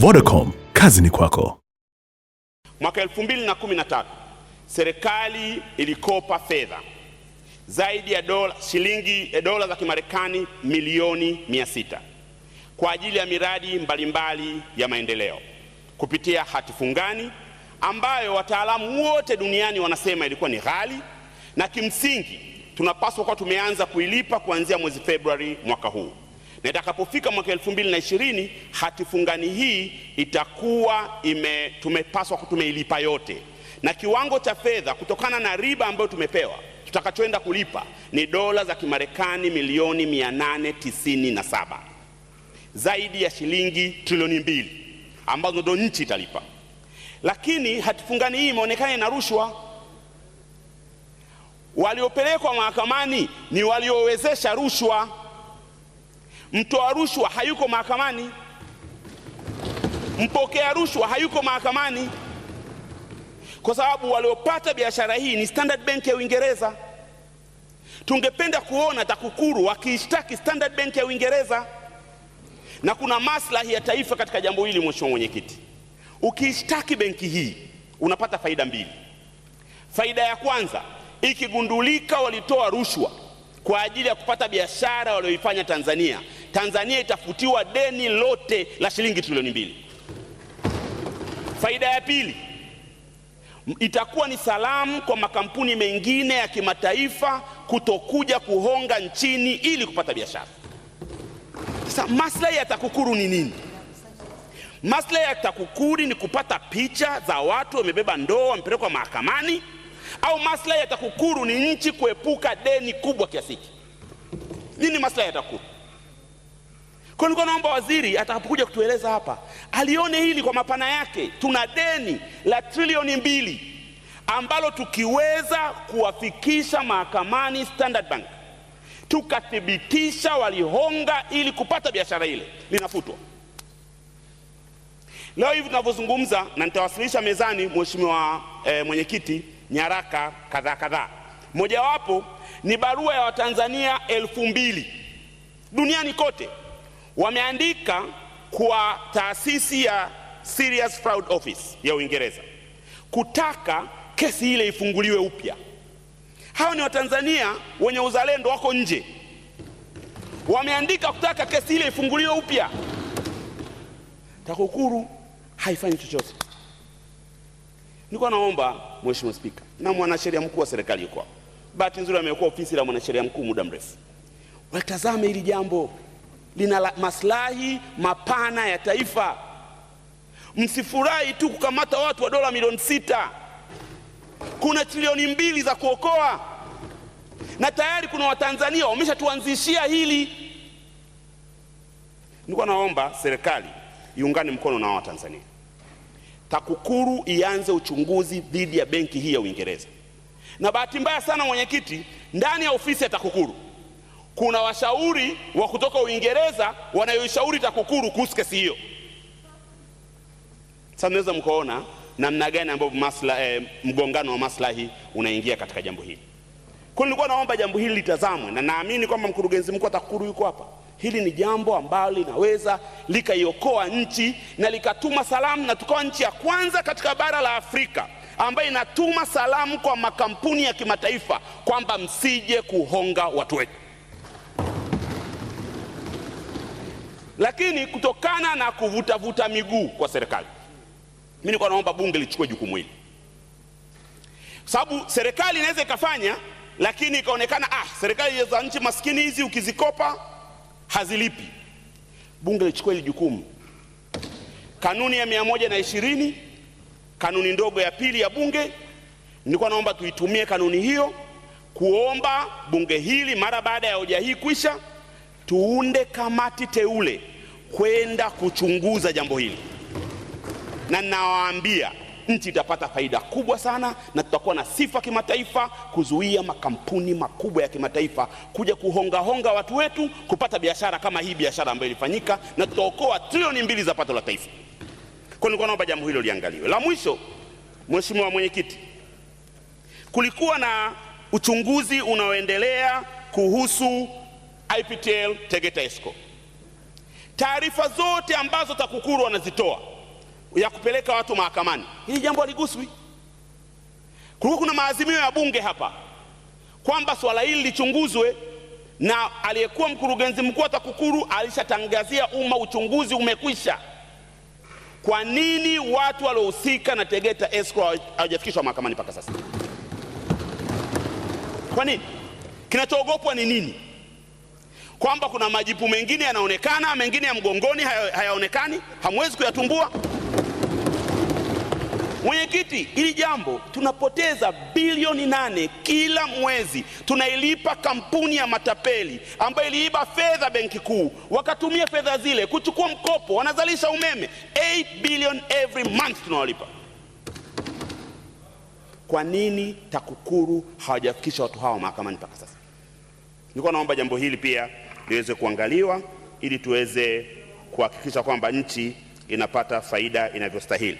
Vodacom, kazi ni kwako. Mwaka 2013 serikali ilikopa fedha zaidi ya dola shilingi eh, dola za Kimarekani milioni 600 kwa ajili ya miradi mbalimbali mbali ya maendeleo kupitia hati fungani ambayo wataalamu wote duniani wanasema ilikuwa ni ghali na kimsingi tunapaswa kuwa tumeanza kuilipa kuanzia mwezi Februari mwaka huu na itakapofika mwaka elfu mbili na ishirini hii itakuwa ime, tumepaswa tumeilipa yote, na kiwango cha fedha kutokana na riba ambayo tumepewa tutakachoenda kulipa ni dola za Kimarekani milioni 897 zaidi ya shilingi trilioni mbili ambazo ndo nchi italipa. Lakini hatifungani hii imeonekana ina rushwa. Waliopelekwa mahakamani ni waliowezesha rushwa. Mtoa rushwa hayuko mahakamani, mpokea rushwa hayuko mahakamani, kwa sababu waliopata biashara hii ni Standard Bank ya Uingereza. Tungependa kuona TAKUKURU wakiishtaki Standard Bank ya Uingereza, na kuna maslahi ya taifa katika jambo hili. Mheshimiwa Mwenyekiti, ukiishtaki benki hii unapata faida mbili. Faida ya kwanza, ikigundulika walitoa rushwa kwa ajili ya kupata biashara walioifanya Tanzania Tanzania itafutiwa deni lote la shilingi trilioni mbili. Faida ya pili itakuwa ni salamu kwa makampuni mengine ya kimataifa kutokuja kuhonga nchini ili kupata biashara. Sasa maslahi ya TAKUKURU ni nini? Maslahi ya TAKUKURU ni kupata picha za watu wamebeba ndoo wamepelekwa mahakamani, au maslahi ya TAKUKURU ni nchi kuepuka deni kubwa kiasi hiki? Nini maslahi ya TAKUKURU? Kwa nilikuwa naomba waziri atakapokuja kutueleza hapa alione hili kwa mapana yake. Tuna deni la trilioni mbili ambalo tukiweza kuwafikisha mahakamani Standard Bank tukathibitisha walihonga ili kupata biashara ile, linafutwa leo hivi tunavyozungumza, na nitawasilisha mezani, mheshimiwa e, mwenyekiti, nyaraka kadhaa kadhaa. Mojawapo ni barua ya Watanzania elfu mbili duniani kote wameandika kwa taasisi ya Serious Fraud Office ya Uingereza kutaka kesi ile ifunguliwe upya. Hao ni Watanzania wenye uzalendo, wako nje, wameandika kutaka kesi ile ifunguliwe upya. TAKUKURU haifanyi chochote. Nilikuwa naomba Mheshimiwa Spika na mwanasheria mkuu wa serikali yuko bahati nzuri amekuwa ofisi la mwanasheria mkuu muda mrefu, watazame hili jambo lina maslahi mapana ya taifa. Msifurahi tu kukamata watu wa dola milioni sita, kuna trilioni mbili za kuokoa, na tayari kuna Watanzania wameshatuanzishia hili. Nilikuwa naomba serikali iungane mkono na Watanzania. TAKUKURU ianze uchunguzi dhidi ya benki hii ya Uingereza. Na bahati mbaya sana, mwenyekiti, ndani ya ofisi ya TAKUKURU kuna washauri wa kutoka Uingereza wanayoishauri TAKUKURU kuhusu kesi hiyo. Sasa mnaweza mkaona namna gani ambavyo masla, eh, mgongano wa maslahi unaingia katika jambo hili. Kwa nilikuwa naomba jambo hili litazamwe, na naamini kwamba mkurugenzi mkuu wa TAKUKURU yuko hapa. Hili ni jambo ambalo linaweza likaiokoa nchi na likatuma salamu, na tukawa nchi ya kwanza katika bara la Afrika ambayo inatuma salamu kwa makampuni ya kimataifa kwamba msije kuhonga watu wetu. lakini kutokana na kuvutavuta miguu kwa serikali, mimi nilikuwa naomba bunge lichukue jukumu hili, sababu serikali inaweza ikafanya, lakini ikaonekana ah, serikali za nchi maskini hizi ukizikopa hazilipi. Bunge lichukue hili jukumu. Kanuni ya mia moja na ishirini kanuni ndogo ya pili ya bunge, nilikuwa naomba tuitumie kanuni hiyo kuomba bunge hili mara baada ya hoja hii kwisha tuunde kamati teule kwenda kuchunguza jambo hili, na nawaambia nchi itapata faida kubwa sana, na tutakuwa na sifa kimataifa kuzuia makampuni makubwa ya kimataifa kuja kuhongahonga watu wetu kupata biashara kama hii biashara ambayo ilifanyika, na tutaokoa trilioni mbili za pato la taifa. Kwa nilikuwa naomba jambo hilo liangaliwe. La mwisho, Mheshimiwa Mwenyekiti, kulikuwa na uchunguzi unaoendelea kuhusu IPTL Tegeta Escrow taarifa zote ambazo TAKUKURU wanazitoa ya kupeleka watu mahakamani, hili jambo haliguswi. Kulikuwa kuna maazimio ya bunge hapa kwamba swala hili lichunguzwe, na aliyekuwa mkurugenzi mkuu wa TAKUKURU alishatangazia umma uchunguzi umekwisha. Kwa nini watu waliohusika na Tegeta Escrow hawajafikishwa mahakamani mpaka sasa? Kwa nini? Kinachoogopwa ni nini? kwamba kuna majipu mengine yanaonekana, mengine ya mgongoni hayaonekani, hamwezi kuyatumbua. Mwenyekiti, hili jambo tunapoteza bilioni nane kila mwezi, tunailipa kampuni ya matapeli ambayo iliiba fedha benki kuu, wakatumia fedha zile kuchukua mkopo, wanazalisha umeme 8 billion every month tunawalipa. Kwa nini TAKUKURU hawajafikisha watu hawa mahakamani mpaka sasa? Nilikuwa naomba jambo hili pia liweze kuangaliwa ili tuweze kuhakikisha kwamba nchi inapata faida inavyostahili.